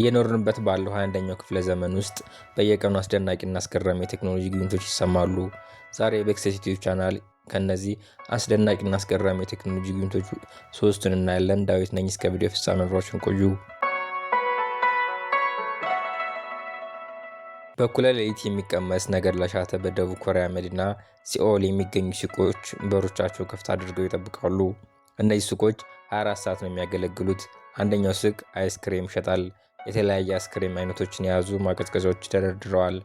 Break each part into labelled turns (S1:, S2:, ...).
S1: እየኖርንበት ባለው 21 ክፍለ ዘመን ውስጥ በየቀኑ አስደናቂና አስገራሚ የቴክኖሎጂ ግኝቶች ይሰማሉ። ዛሬ በኤክሰስ ዩቲዩብ ቻናል ከእነዚህ አስደናቂና አስገራሚ የቴክኖሎጂ ግኝቶች ሶስቱን እናያለን። ዳዊት ነኝ። እስከ ቪዲዮ ፍጻሜ አብራችሁን ቆዩ። በኩለ ሌሊት የሚቀመስ ነገር ለሻተ በደቡብ ኮሪያ መዲና ሲኦል የሚገኙ ሱቆች በሮቻቸው ክፍት አድርገው ይጠብቃሉ። እነዚህ ሱቆች 24 ሰዓት ነው የሚያገለግሉት። አንደኛው ሱቅ አይስክሬም ይሸጣል። የተለያየ አስክሬም አይነቶችን የያዙ ማቀዝቀዣዎች ተደርድረዋል።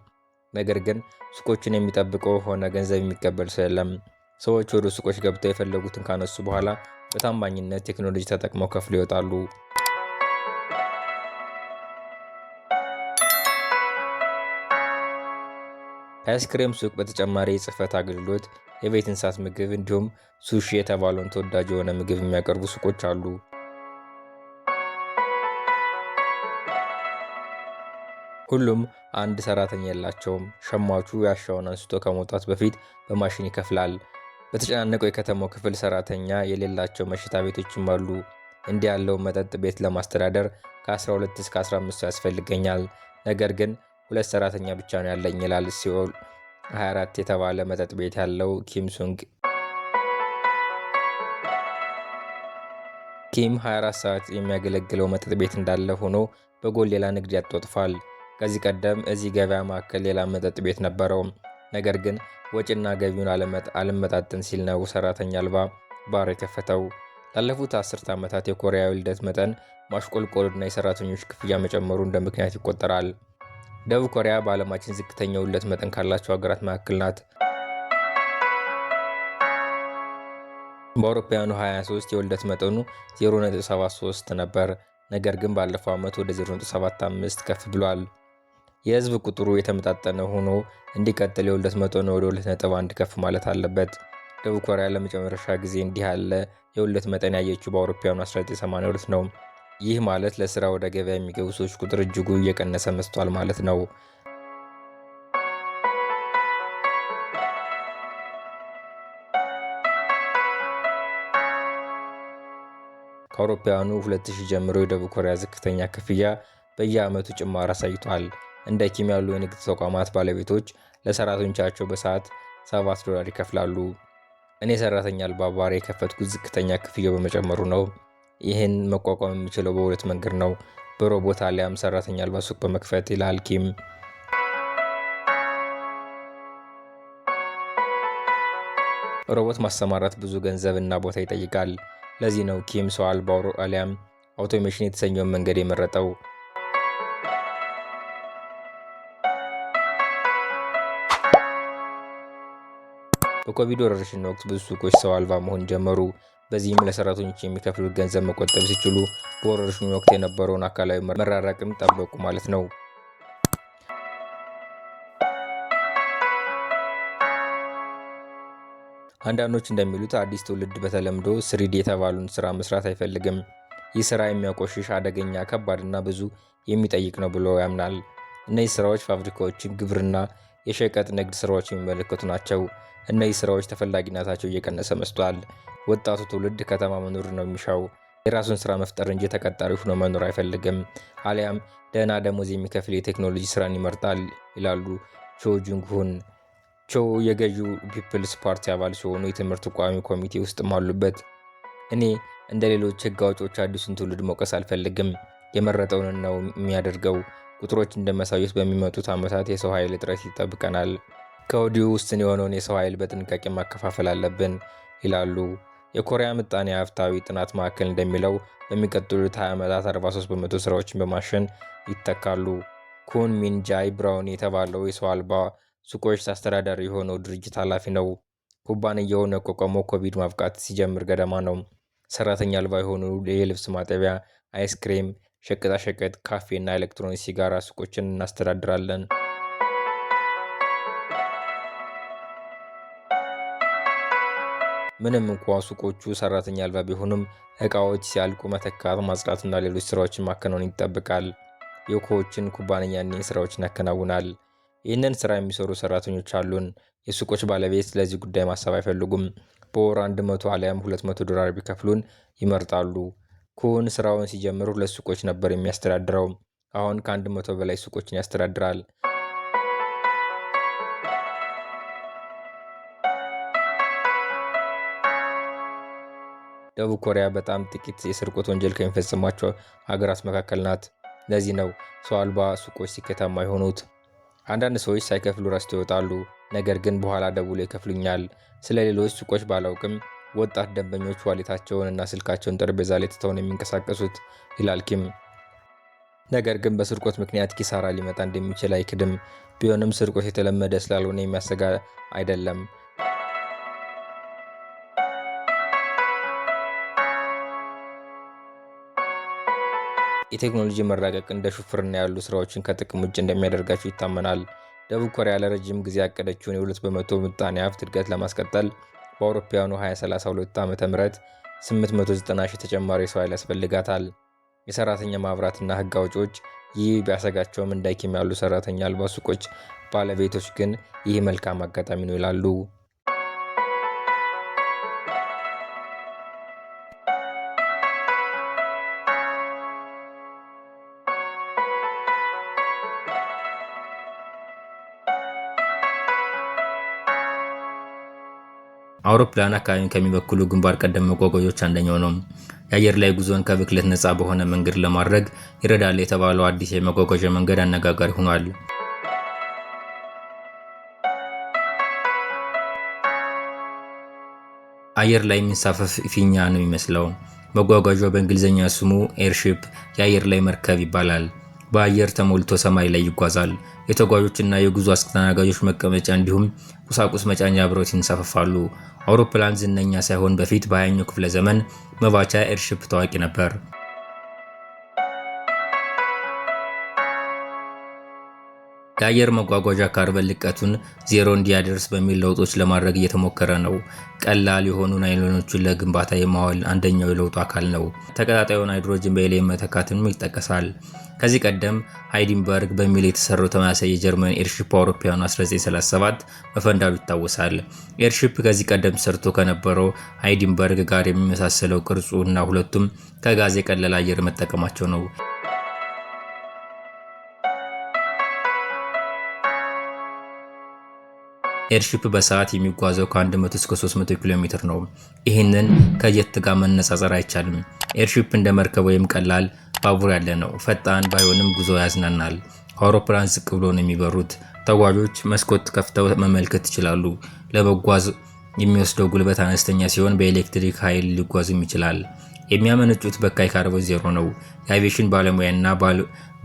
S1: ነገር ግን ሱቆቹን የሚጠብቀው ሆነ ገንዘብ የሚቀበል ሰው የለም። ሰዎች ወደ ሱቆች ገብተው የፈለጉትን ካነሱ በኋላ በታማኝነት ቴክኖሎጂ ተጠቅመው ከፍሎ ይወጣሉ። ከአይስክሬም ሱቅ በተጨማሪ የጽህፈት አገልግሎት፣ የቤት እንስሳት ምግብ እንዲሁም ሱሺ የተባለውን ተወዳጅ የሆነ ምግብ የሚያቀርቡ ሱቆች አሉ። ሁሉም አንድ ሰራተኛ የላቸውም። ሸማቹ ያሻውን አንስቶ ከመውጣት በፊት በማሽን ይከፍላል። በተጨናነቀው የከተማው ክፍል ሰራተኛ የሌላቸው መሸታ ቤቶችም አሉ። እንዲህ ያለው መጠጥ ቤት ለማስተዳደር ከ12 እስከ 15 ያስፈልገኛል። ነገር ግን ሁለት ሰራተኛ ብቻ ነው ያለኝ ይላል ሲኦል 24 የተባለ መጠጥ ቤት ያለው ኪም ሱንግ። ኪም 24 ሰዓት የሚያገለግለው መጠጥ ቤት እንዳለ ሆኖ በጎን ሌላ ንግድ ያጧጥፋል። ከዚህ ቀደም እዚህ ገበያ ማዕከል ሌላ መጠጥ ቤት ነበረው። ነገር ግን ወጪና ገቢውን አልመጣጥን ሲል ነው ሰራተኛ አልባ ባር የከፈተው። ላለፉት አስርት ዓመታት የኮሪያ ውልደት መጠን ማሽቆልቆሉና የሰራተኞች ክፍያ መጨመሩ እንደ ምክንያት ይቆጠራል። ደቡብ ኮሪያ በዓለማችን ዝቅተኛ ውልደት መጠን ካላቸው ሀገራት መካከል ናት። በአውሮፓውያኑ 23 የውልደት መጠኑ 0.73 ነበር። ነገር ግን ባለፈው ዓመት ወደ 0.75 ከፍ ብሏል። የህዝብ ቁጥሩ የተመጣጠነ ሆኖ እንዲቀጥል የውልደት መጠኑ ወደ 2.1 ከፍ ማለት አለበት። ደቡብ ኮሪያ ለመጨረሻ ጊዜ እንዲህ ያለ የሁለት መጠን ያየችው በአውሮፓውያኑ 1982 ነው። ይህ ማለት ለስራ ወደ ገበያ የሚገቡ ሰዎች ቁጥር እጅጉ እየቀነሰ መስቷል ማለት ነው። ከአውሮፓውያኑ 2000 ጀምሮ የደቡብ ኮሪያ ዝቅተኛ ክፍያ በየዓመቱ ጭማሪ አሳይቷል። እንደ ኪም ያሉ የንግድ ተቋማት ባለቤቶች ለሰራተኞቻቸው በሰዓት 7 ዶላር ይከፍላሉ። እኔ ሰራተኛ አልባ ባር የከፈትኩት ዝቅተኛ ክፍያው በመጨመሩ ነው። ይህን መቋቋም የሚችለው በሁለት መንገድ ነው፣ በሮቦት አሊያም ሰራተኛ አልባ ሱቅ በመክፈት ይላል ኪም። ሮቦት ማሰማራት ብዙ ገንዘብ እና ቦታ ይጠይቃል። ለዚህ ነው ኪም ሰው አልባ አሊያም አውቶሜሽን የተሰኘውን መንገድ የመረጠው። በኮቪድ ወረርሽኝ ወቅት ብዙ ሱቆች ሰው አልባ መሆን ጀመሩ። በዚህም ለሰራተኞች የሚከፍሉት ገንዘብ መቆጠብ ሲችሉ በወረርሽኝ ወቅት የነበረውን አካላዊ መራራቅም ጠበቁ ማለት ነው። አንዳንዶች እንደሚሉት አዲስ ትውልድ በተለምዶ ስሪድ የተባሉን ስራ መስራት አይፈልግም። ይህ ስራ የሚያቆሽሽ አደገኛ፣ ከባድና ብዙ የሚጠይቅ ነው ብሎ ያምናል። እነዚህ ስራዎች ፋብሪካዎችን፣ ግብርና፣ የሸቀጥ ንግድ ስራዎች የሚመለከቱ ናቸው። እነዚህ ስራዎች ተፈላጊነታቸው እየቀነሰ መስቷል። ወጣቱ ትውልድ ከተማ መኖር ነው የሚሻው። የራሱን ስራ መፍጠር እንጂ ተቀጣሪ ሆኖ መኖር አይፈልግም። አሊያም ደህና ደሞዝ የሚከፍል የቴክኖሎጂ ስራን ይመርጣል ይላሉ ቾ ጁንግሁን። ቾ የገዢው ፒፕልስ ፓርቲ አባል ሲሆኑ የትምህርት ቋሚ ኮሚቴ ውስጥም አሉበት። እኔ እንደ ሌሎች ህግ አውጪዎች አዲሱን ትውልድ መውቀስ አልፈልግም። የመረጠውን ነው የሚያደርገው። ቁጥሮች እንደሚያሳዩት በሚመጡት ዓመታት የሰው ኃይል እጥረት ይጠብቀናል። ከወዲሁ ውስን የሆነውን የሰው ኃይል በጥንቃቄ ማከፋፈል አለብን ይላሉ። የኮሪያ ምጣኔ ሀብታዊ ጥናት ማዕከል እንደሚለው በሚቀጥሉት 20 ዓመታት 43 በመቶ ስራዎችን በማሽን ይተካሉ። ኩን ሚንጃይ ብራውን የተባለው የሰው አልባ ሱቆች አስተዳዳሪ የሆነው ድርጅት ኃላፊ ነው። ኩባንያውን ያቋቋመው ኮቪድ ማብቃት ሲጀምር ገደማ ነው። ሰራተኛ አልባ የሆኑ የልብስ ማጠቢያ፣ አይስክሬም፣ ሸቀጣሸቀጥ፣ ካፌና ኤሌክትሮኒክስ፣ ሲጋራ ሱቆችን እናስተዳድራለን። ምንም እንኳ ሱቆቹ ሰራተኛ አልባ ቢሆኑም እቃዎች ሲያልቁ መተካት፣ ማጽዳትና ሌሎች ስራዎችን ማከናወን ይጠበቃል። የኮዎችን ኩባንያ እኒህን ስራዎችን ያከናውናል። ይህንን ስራ የሚሰሩ ሰራተኞች አሉን። የሱቆች ባለቤት ለዚህ ጉዳይ ማሰብ አይፈልጉም። በወር 100 አሊያም 200 ዶላር ቢከፍሉን ይመርጣሉ። ኩን ስራውን ሲጀምር ሁለት ሱቆች ነበር የሚያስተዳድረው። አሁን ከአንድ መቶ በላይ ሱቆችን ያስተዳድራል። ደቡብ ኮሪያ በጣም ጥቂት የስርቆት ወንጀል ከሚፈጽሟቸው ሀገራት መካከል ናት። ለዚህ ነው ሰው አልባ ሱቆች ስኬታማ የሆኑት። አንዳንድ ሰዎች ሳይከፍሉ ረስቶ ይወጣሉ። ነገር ግን በኋላ ደውሎ ይከፍሉኛል። ስለ ሌሎች ሱቆች ባላውቅም ወጣት ደንበኞች ዋሌታቸውን እና ስልካቸውን ጠረጴዛ ላይ ትተውን የሚንቀሳቀሱት ይላል ኪም። ነገር ግን በስርቆት ምክንያት ኪሳራ ሊመጣ እንደሚችል አይክድም። ቢሆንም ስርቆት የተለመደ ስላልሆነ የሚያሰጋ አይደለም። የቴክኖሎጂ መራቀቅ እንደ ሹፍርና ያሉ ስራዎችን ከጥቅም ውጭ እንደሚያደርጋቸው ይታመናል። ደቡብ ኮሪያ ለረጅም ጊዜ ያቀደችውን የሁለት በመቶ ምጣኔ ሀብት እድገት ለማስቀጠል በአውሮፓውያኑ 2032 ዓ ም 890 ሺህ ተጨማሪ ሰው ኃይል ያስፈልጋታል። የሰራተኛ ማብራትና ህግ አውጪዎች ይህ ቢያሰጋቸውም እንዳይኪም ያሉ ሰራተኛ አልባ ሱቆች ባለቤቶች ግን ይህ መልካም አጋጣሚ ነው ይላሉ። አውሮፕላን አካባቢን ከሚበክሉ ግንባር ቀደም መጓጓዦች አንደኛው ነው። የአየር ላይ ጉዞን ከብክለት ነፃ በሆነ መንገድ ለማድረግ ይረዳል የተባለው አዲስ የመጓጓዣ መንገድ አነጋጋሪ ሆኗል። አየር ላይ የሚንሳፈፍ ፊኛ ነው የሚመስለው። መጓጓዣው በእንግሊዝኛ ስሙ ኤርሺፕ የአየር ላይ መርከብ ይባላል። በአየር ተሞልቶ ሰማይ ላይ ይጓዛል። የተጓዦችና የጉዞ አስተናጋጆች መቀመጫ እንዲሁም ቁሳቁስ መጫኛ ብረት ይንሳፈፋሉ። አውሮፕላን ዝነኛ ሳይሆን በፊት በሃያኛው ክፍለ ዘመን መባቻ ኤርሺፕ ታዋቂ ነበር። የአየር መጓጓዣ ካርበን ልቀቱን ዜሮ እንዲያደርስ በሚል ለውጦች ለማድረግ እየተሞከረ ነው። ቀላል የሆኑ ናይሎኖቹን ለግንባታ የማዋል አንደኛው የለውጡ አካል ነው። ተቀጣጣዩን ሃይድሮጅን በሌ መተካትንም ይጠቀሳል። ከዚህ ቀደም ሃይዲንበርግ በሚል የተሰሩ ተመሳሳይ የጀርመን ኤርሺፕ አውሮፓውያኑ 1937 መፈንዳቱ ይታወሳል። ኤርሺፕ ከዚህ ቀደም ሰርቶ ከነበረው ሃይዲንበርግ ጋር የሚመሳሰለው ቅርጹ እና ሁለቱም ከጋዝ የቀለለ አየር መጠቀማቸው ነው። ኤርሺፕ በሰዓት የሚጓዘው ከ100 እስከ 300 ኪሎ ሜትር ነው። ይህንን ከጀት ጋር መነጻጸር አይቻልም። ኤርሺፕ እንደ መርከብ ወይም ቀላል ባቡር ያለ ነው። ፈጣን ባይሆንም ጉዞ ያዝናናል። ከአውሮፕላን ዝቅ ብሎ ነው የሚበሩት። ተጓዦች መስኮት ከፍተው መመልከት ይችላሉ። ለመጓዝ የሚወስደው ጉልበት አነስተኛ ሲሆን በኤሌክትሪክ ኃይል ሊጓዝም ይችላል። የሚያመነጩት በካይ ካርቦን ዜሮ ነው። የአቪዬሽን ባለሙያና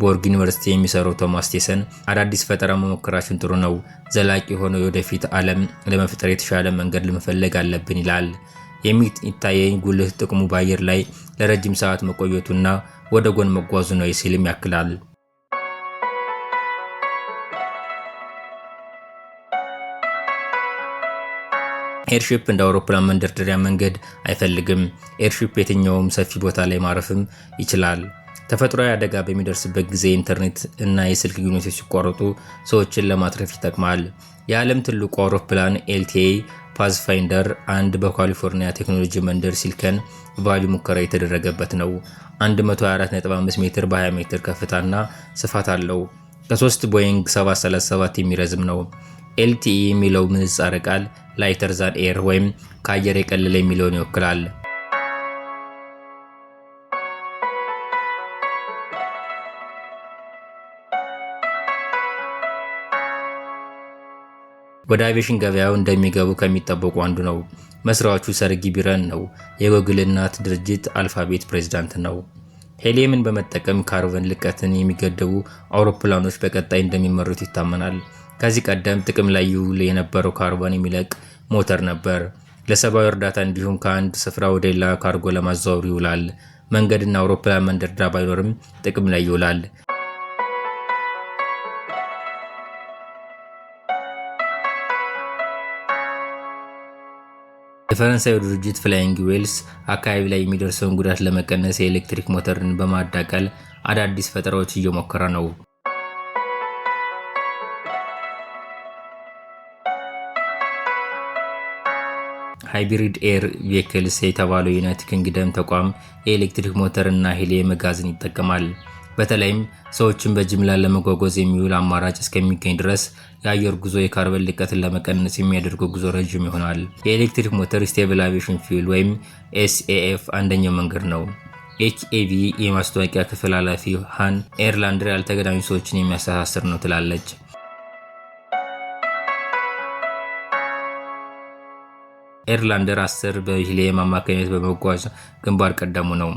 S1: በወርግ ዩኒቨርሲቲ የሚሰሩ ቶማስ ቴሰን አዳዲስ ፈጠራ መሞከራችን ጥሩ ነው፣ ዘላቂ የሆነ የወደፊት ዓለም ለመፍጠር የተሻለ መንገድ ለመፈለግ አለብን ይላል። የሚታየኝ ጉልህ ጥቅሙ በአየር ላይ ለረጅም ሰዓት መቆየቱና ወደ ጎን መጓዙ ነው ሲልም ያክላል። ኤርሺፕ እንደ አውሮፕላን መንደርደሪያ መንገድ አይፈልግም። ኤርሺፕ የትኛውም ሰፊ ቦታ ላይ ማረፍም ይችላል። ተፈጥሯዊ አደጋ በሚደርስበት ጊዜ ኢንተርኔት እና የስልክ ግንኙነቶች ሲቋረጡ ሰዎችን ለማትረፍ ይጠቅማል። የዓለም ትልቁ አውሮፕላን ኤልቲኤ ፓዝፋይንደር አንድ በካሊፎርኒያ ቴክኖሎጂ መንደር ሲልከን ቫሊ ሙከራ የተደረገበት ነው። 124.5 ሜትር በ20 ሜትር ከፍታና ስፋት አለው። ከ3 ቦይንግ 737 የሚረዝም ነው። ኤልቲኢ የሚለው ምንጻረ ቃል ላይተር ዛን ኤር ወይም ከአየር የቀለለ የሚለውን ይወክላል። ወደ አቪዬሽን ገበያው እንደሚገቡ ከሚጠበቁ አንዱ ነው። መስራቹ ሰርጊ ቢረን ነው። የጎግል እናት ድርጅት አልፋቤት ፕሬዝዳንት ነው። ሄሊየምን በመጠቀም ካርበን ልቀትን የሚገድቡ አውሮፕላኖች በቀጣይ እንደሚመሩት ይታመናል። ከዚህ ቀደም ጥቅም ላይ ይውል የነበረው ካርበን የሚለቅ ሞተር ነበር። ለሰብአዊ እርዳታ እንዲሁም ከአንድ ስፍራ ወደ ሌላ ካርጎ ለማዘዋወር ይውላል። መንገድና አውሮፕላን መንደርደሪያ ባይኖርም ጥቅም ላይ ይውላል። የፈረንሳዩ ድርጅት ፍላይንግ ዌልስ አካባቢ ላይ የሚደርሰውን ጉዳት ለመቀነስ የኤሌክትሪክ ሞተርን በማዳቀል አዳዲስ ፈጠራዎች እየሞከረ ነው። ሃይብሪድ ኤር ቬክልስ የተባለው የዩናይትድ ኪንግደም ተቋም የኤሌክትሪክ ሞተርና ሂሌ መጋዘን ይጠቀማል። በተለይም ሰዎችን በጅምላ ለመጓጓዝ የሚውል አማራጭ እስከሚገኝ ድረስ የአየር ጉዞ የካርበን ልቀትን ለመቀነስ የሚያደርገው ጉዞ ረዥም ይሆናል። የኤሌክትሪክ ሞተር ስቴብል አቪዬሽን ፊውል ወይም ኤስኤኤፍ አንደኛው መንገድ ነው። ኤችኤቪ የማስታወቂያ ክፍል ኃላፊ ሃን ኤርላንደር ያልተገናኙ ሰዎችን የሚያስተሳስር ነው ትላለች። ኤርላንደር 10 በሂሌም አማካኝነት በመጓዝ ግንባር ቀደሙ ነው።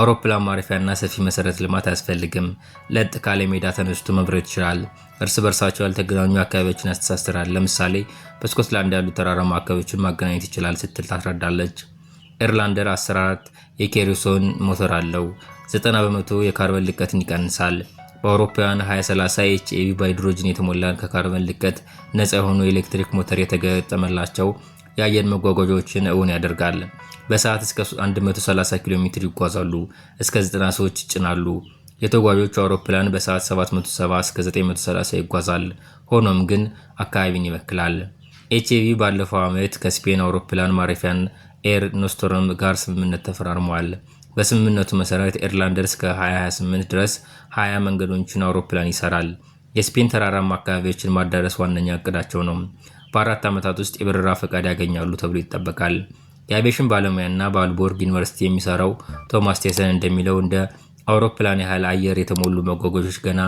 S1: አውሮፕላን ማረፊያና ሰፊ መሰረተ ልማት አያስፈልግም። ለጥ ካለ ሜዳ ተነስቶ መብረር ይችላል። እርስ በርሳቸው ያልተገናኙ አካባቢዎችን ያስተሳስራል። ለምሳሌ በስኮትላንድ ያሉ ተራራማ አካባቢዎችን ማገናኘት ይችላል ስትል ታስረዳለች። ኤርላንደር 14 የኬሪሶን ሞተር አለው። 90 በመቶ የካርበን ልቀትን ይቀንሳል። በአውሮፓውያን 2030 ኤችኤቪ በሃይድሮጅን የተሞላን ከካርበን ልቀት ነፃ የሆኑ የኤሌክትሪክ ሞተር የተገጠመላቸው የአየር መጓጓዣዎችን እውን ያደርጋል። በሰዓት እስከ 130 ኪሎ ሜትር ይጓዛሉ፣ እስከ 90 ሰዎች ይጭናሉ። የተጓዦቹ አውሮፕላን በሰዓት 770 እስከ 930 ይጓዛል። ሆኖም ግን አካባቢን ይበክላል። ኤችኤቪ ባለፈው ዓመት ከስፔን አውሮፕላን ማረፊያን ኤር ኖስትሮም ጋር ስምምነት ተፈራርሟል። በስምምነቱ መሰረት ኤርላንደር እስከ 2028 ድረስ 20 መንገዶችን አውሮፕላን ይሰራል። የስፔን ተራራማ አካባቢዎችን ማዳረስ ዋነኛ እቅዳቸው ነው። በአራት ዓመታት ውስጥ የበረራ ፈቃድ ያገኛሉ ተብሎ ይጠበቃል። የአቪዬሽን ባለሙያና በአልቦርግ ዩኒቨርሲቲ የሚሰራው ቶማስ ቴሰን እንደሚለው እንደ አውሮፕላን ያህል አየር የተሞሉ መጓጓዦች ገና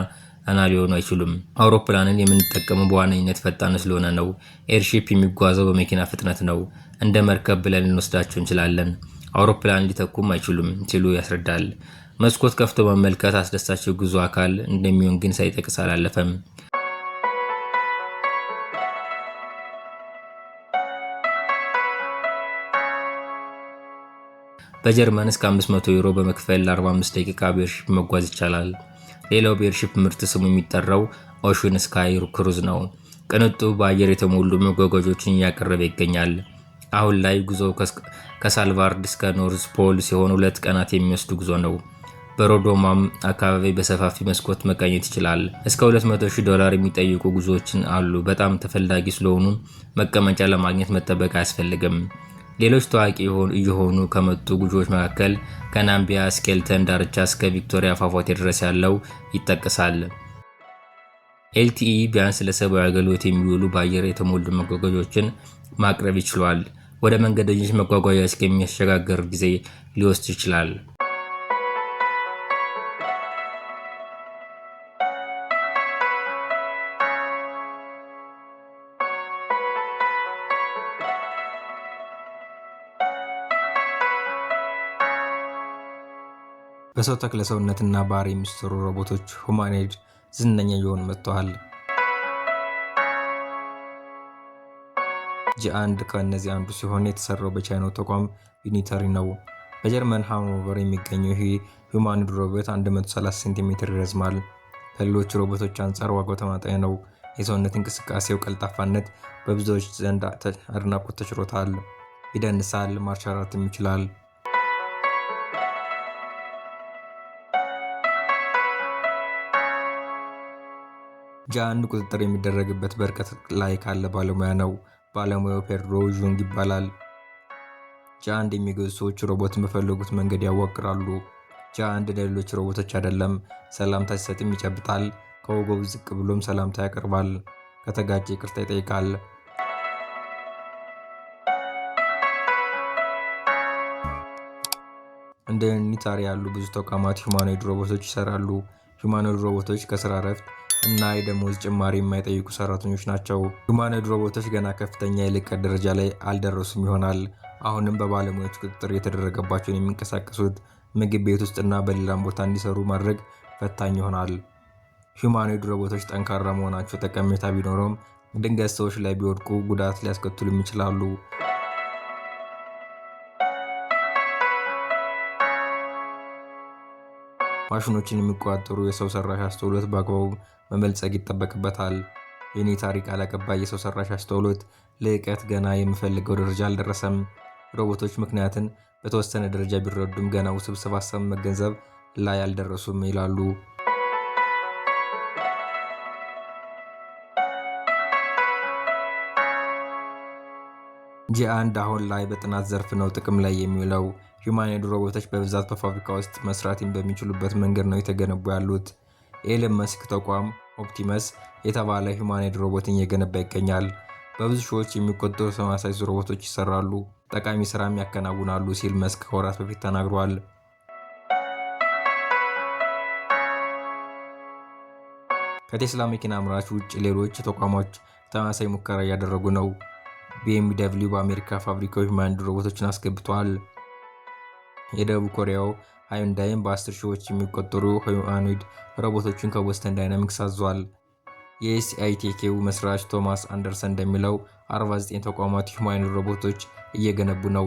S1: እና ሊሆኑ አይችሉም። አውሮፕላንን የምንጠቀመው በዋነኝነት ፈጣን ስለሆነ ነው። ኤርሺፕ የሚጓዘው በመኪና ፍጥነት ነው። እንደ መርከብ ብለን ልንወስዳቸው እንችላለን። አውሮፕላን ሊተኩም አይችሉም ሲሉ ያስረዳል። መስኮት ከፍቶ መመልከት አስደሳች ጉዞ አካል እንደሚሆን ግን ሳይጠቅስ አላለፈም። በጀርመን እስከ 500 ዩሮ በመክፈል ለ45 ደቂቃ ቤርሺፕ መጓዝ ይቻላል። ሌላው ቤርሺፕ ምርት ስሙ የሚጠራው ኦሽን ስካይ ክሩዝ ነው። ቅንጡ በአየር የተሞሉ መጓጓዦችን እያቀረበ ይገኛል። አሁን ላይ ጉዞ ከሳልቫርድ እስከ ኖርዝ ፖል ሲሆን ሁለት ቀናት የሚወስድ ጉዞ ነው። በሮዶማም አካባቢ በሰፋፊ መስኮት መቃኘት ይችላል። እስከ 200,000 ዶላር የሚጠይቁ ጉዞዎችን አሉ። በጣም ተፈላጊ ስለሆኑ መቀመጫ ለማግኘት መጠበቅ አያስፈልግም። ሌሎች ታዋቂ እየሆኑ ከመጡ ጉጆዎች መካከል ከናምቢያ ስኬልተን ዳርቻ እስከ ቪክቶሪያ ፏፏቴ ድረስ ያለው ይጠቀሳል። ኤልቲኢ ቢያንስ ለሰብአዊ አገልግሎት የሚውሉ በአየር የተሞሉ መጓጓዣዎችን ማቅረብ ይችሏል። ወደ መንገደኞች መጓጓዣ እስከሚያሸጋግር ጊዜ ሊወስድ ይችላል። በሰው ተክለ ሰውነትና ባህሪ የሚሰሩ ሮቦቶች ሁማኔድ ዝነኛ እየሆኑ መጥተዋል። አንድ ከእነዚህ አንዱ ሲሆን የተሰራው በቻይናው ተቋም ዩኒተሪ ነው። በጀርመን ሃኖቨር የሚገኘው ይህ ሁማኒድ ሮቦት 130 ሴንቲሜትር ይረዝማል። ከሌሎች ሮቦቶች አንጻር ዋጋው ተማጣኝ ነው። የሰውነት እንቅስቃሴው ቀልጣፋነት በብዙዎች ዘንድ አድናቆት ተችሮታል። ይደንሳል፣ ማርሻራትም ይችላል። ጃን ቁጥጥር የሚደረግበት በርቀት ላይ ካለ ባለሙያ ነው። ባለሙያው ፔድሮ ዡንግ ይባላል። ጃአንድ የሚገዙ ሰዎች ሮቦትን በፈለጉት መንገድ ያዋቅራሉ። ጃንድ ለሌሎች ሮቦቶች አይደለም። ሰላምታ ሲሰጥም ይጨብጣል። ከወገቡ ዝቅ ብሎም ሰላምታ ያቀርባል። ከተጋጨ ይቅርታ ይጠይቃል። እንደ ኒታሪ ያሉ ብዙ ተቋማት ሂውማኖይድ ሮቦቶች ይሰራሉ። ሂውማኖይድ ሮቦቶች ከስራ እረፍት እና የደሞዝ ጭማሪ የማይጠይቁ ሰራተኞች ናቸው። ግማነ ድሮ ገና ከፍተኛ የልቀት ደረጃ ላይ አልደረሱም ይሆናል። አሁንም በባለሙያዎች ቁጥጥር የተደረገባቸውን የሚንቀሳቀሱት ምግብ ቤት ውስጥና በሌላም ቦታ እንዲሰሩ ማድረግ ፈታኝ ይሆናል። ሂውማኖይድ ሮቦቶች ጠንካራ መሆናቸው ጠቀሜታ ቢኖረውም ድንገት ሰዎች ላይ ቢወድቁ ጉዳት ሊያስከትሉም ይችላሉ። ማሽኖችን የሚቆጣጠሩ የሰው ሰራሽ አስተውሎት በአግባቡ መበልጸግ ይጠበቅበታል። የኔ ታሪክ ቃል አቀባይ የሰው ሰራሽ አስተውሎት ልዕቀት ገና የምፈልገው ደረጃ አልደረሰም። ሮቦቶች ምክንያትን በተወሰነ ደረጃ ቢረዱም ገና ውስብስብ ሀሳብ መገንዘብ ላይ አልደረሱም ይላሉ። ጂ አሁን ላይ በጥናት ዘርፍ ነው ጥቅም ላይ የሚውለው። ሂውማን ኤይድ ሮቦቶች በብዛት በፋብሪካ ውስጥ መስራትን በሚችሉበት መንገድ ነው የተገነቡ ያሉት። የኤለን መስክ ተቋም ኦፕቲመስ የተባለ ሂውማን ኤይድ ሮቦትን እየገነባ ይገኛል። በብዙ ሺዎች የሚቆጠሩ ተመሳሳይ ሮቦቶች ይሰራሉ፣ ጠቃሚ ስራም ያከናውናሉ ሲል መስክ ከወራት በፊት ተናግሯል። ከቴስላ መኪና አምራች ውጭ ሌሎች ተቋሞች ተመሳሳይ ሙከራ እያደረጉ ነው። ቢኤምደብሊው በአሜሪካ ፋብሪካዎች ማንድ ሮቦቶችን አስገብቷል። የደቡብ ኮሪያው ሃዩንዳይም በአስር ሺዎች የሚቆጠሩ ሂዩማኖይድ ሮቦቶችን ከቦስተን ዳይናሚክስ አዟል። የኤስአይቴኬው መስራች ቶማስ አንደርሰን እንደሚለው 49 ተቋማት ሂዩማኖይድ ሮቦቶች እየገነቡ ነው።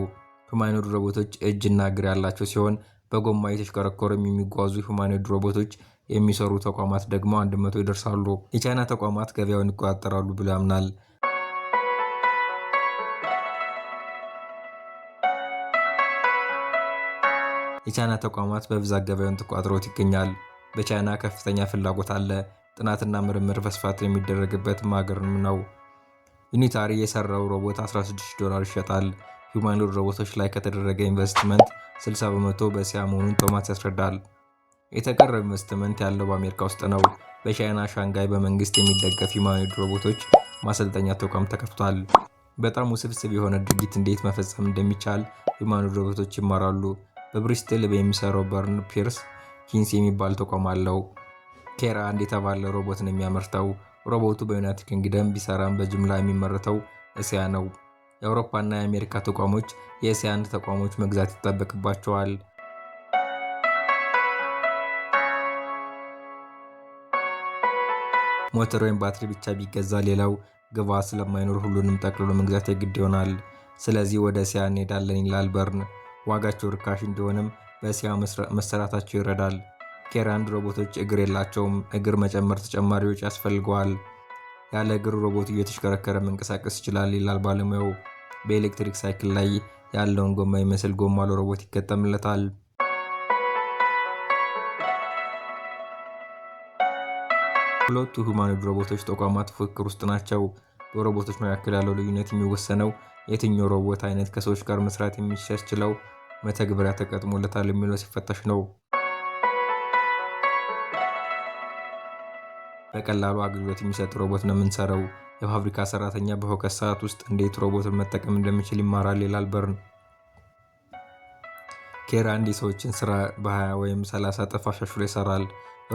S1: ሂዩማኖይድ ሮቦቶች እጅና እግር ያላቸው ሲሆን በጎማ የተሽከረከሩም የሚጓዙ ሁማኖድ ሮቦቶች የሚሰሩ ተቋማት ደግሞ 100 ይደርሳሉ። የቻይና ተቋማት ገበያውን ይቆጣጠራሉ ብሎ ያምናል። የቻይና ተቋማት በብዛት ገበያውን ተቋጥሮት ይገኛል። በቻይና ከፍተኛ ፍላጎት አለ። ጥናትና ምርምር በስፋት የሚደረግበት ማገርም ነው። ዩኒታሪ የሰራው ሮቦት 16 ዶላር ይሸጣል። ሂውማኖይድ ሮቦቶች ላይ ከተደረገ ኢንቨስትመንት 60 በመቶ በእስያ መሆኑን ቶማስ ያስረዳል። የተቀረው ኢንቨስትመንት ያለው በአሜሪካ ውስጥ ነው። በቻይና ሻንጋይ በመንግስት የሚደገፍ ሂውማኖይድ ሮቦቶች ማሰልጠኛ ተቋም ተከፍቷል። በጣም ውስብስብ የሆነ ድርጊት እንዴት መፈጸም እንደሚቻል ሂውማኖይድ ሮቦቶች ይማራሉ። በብሪስትል የሚሰራው በርን ፒርስ ኪንስ የሚባል ተቋም አለው። ኬራ አንድ የተባለ ሮቦት ነው የሚያመርተው። ሮቦቱ በዩናይትድ ኪንግደም ቢሰራም በጅምላ የሚመረተው እስያ ነው። የአውሮፓና የአሜሪካ ተቋሞች አንድ ተቋሞች መግዛት ይጠበቅባቸዋል። ሞተር ወይም ባትሪ ብቻ ቢገዛ ሌላው ግብዓት ስለማይኖር ሁሉንም ጠቅልሎ መግዛት የግድ ይሆናል። ስለዚህ ወደ እስያ እንሄዳለን ይላል በርን። ዋጋቸው ርካሽ እንዲሆንም በእስያ መሰራታቸው ይረዳል። ኬራንድ ሮቦቶች እግር የላቸውም። እግር መጨመር ተጨማሪ ወጪ ያስፈልገዋል። ያለ እግር ሮቦቱ እየተሽከረከረ መንቀሳቀስ ይችላል ይላል ባለሙያው። በኤሌክትሪክ ሳይክል ላይ ያለውን ጎማ የሚመስል ጎማ ለሮቦት ይገጠምለታል። ሁለቱ ሁማኖይድ ሮቦቶች ተቋማት ፉክክር ውስጥ ናቸው። በሮቦቶች መካከል ያለው ልዩነት የሚወሰነው የትኛው ሮቦት አይነት ከሰዎች ጋር መስራት የሚያስችለው መተግበሪያ ተገጥሞለታል የሚለው ሲፈተሽ ነው። በቀላሉ አገልግሎት የሚሰጥ ሮቦት ነው የምንሰራው። የፋብሪካ ሰራተኛ በሁለት ሰዓት ውስጥ እንዴት ሮቦትን መጠቀም እንደሚችል ይማራል ይላል በርን። ኬር አንድ የሰዎችን ስራ በ20 ወይም 30 እጥፍ አሻሽሎ ይሰራል።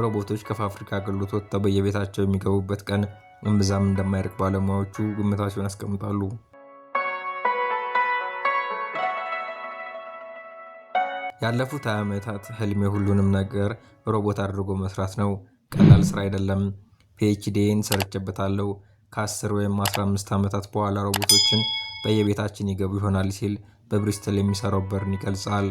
S1: ሮቦቶች ከፋብሪካ አገልግሎት ወጥተው በየቤታቸው የሚገቡበት ቀን እምብዛም እንደማይርቅ ባለሙያዎቹ ግምታቸውን ያስቀምጣሉ። ያለፉት ዓመታት ህልሜ ሁሉንም ነገር ሮቦት አድርጎ መስራት ነው። ቀላል ስራ አይደለም። ፒኤችዲን ሰርቼበታለሁ። ከ10 ወይም 15 ዓመታት በኋላ ሮቦቶችን በየቤታችን ይገቡ ይሆናል ሲል በብሪስትል የሚሰራው በርን ይገልጻል።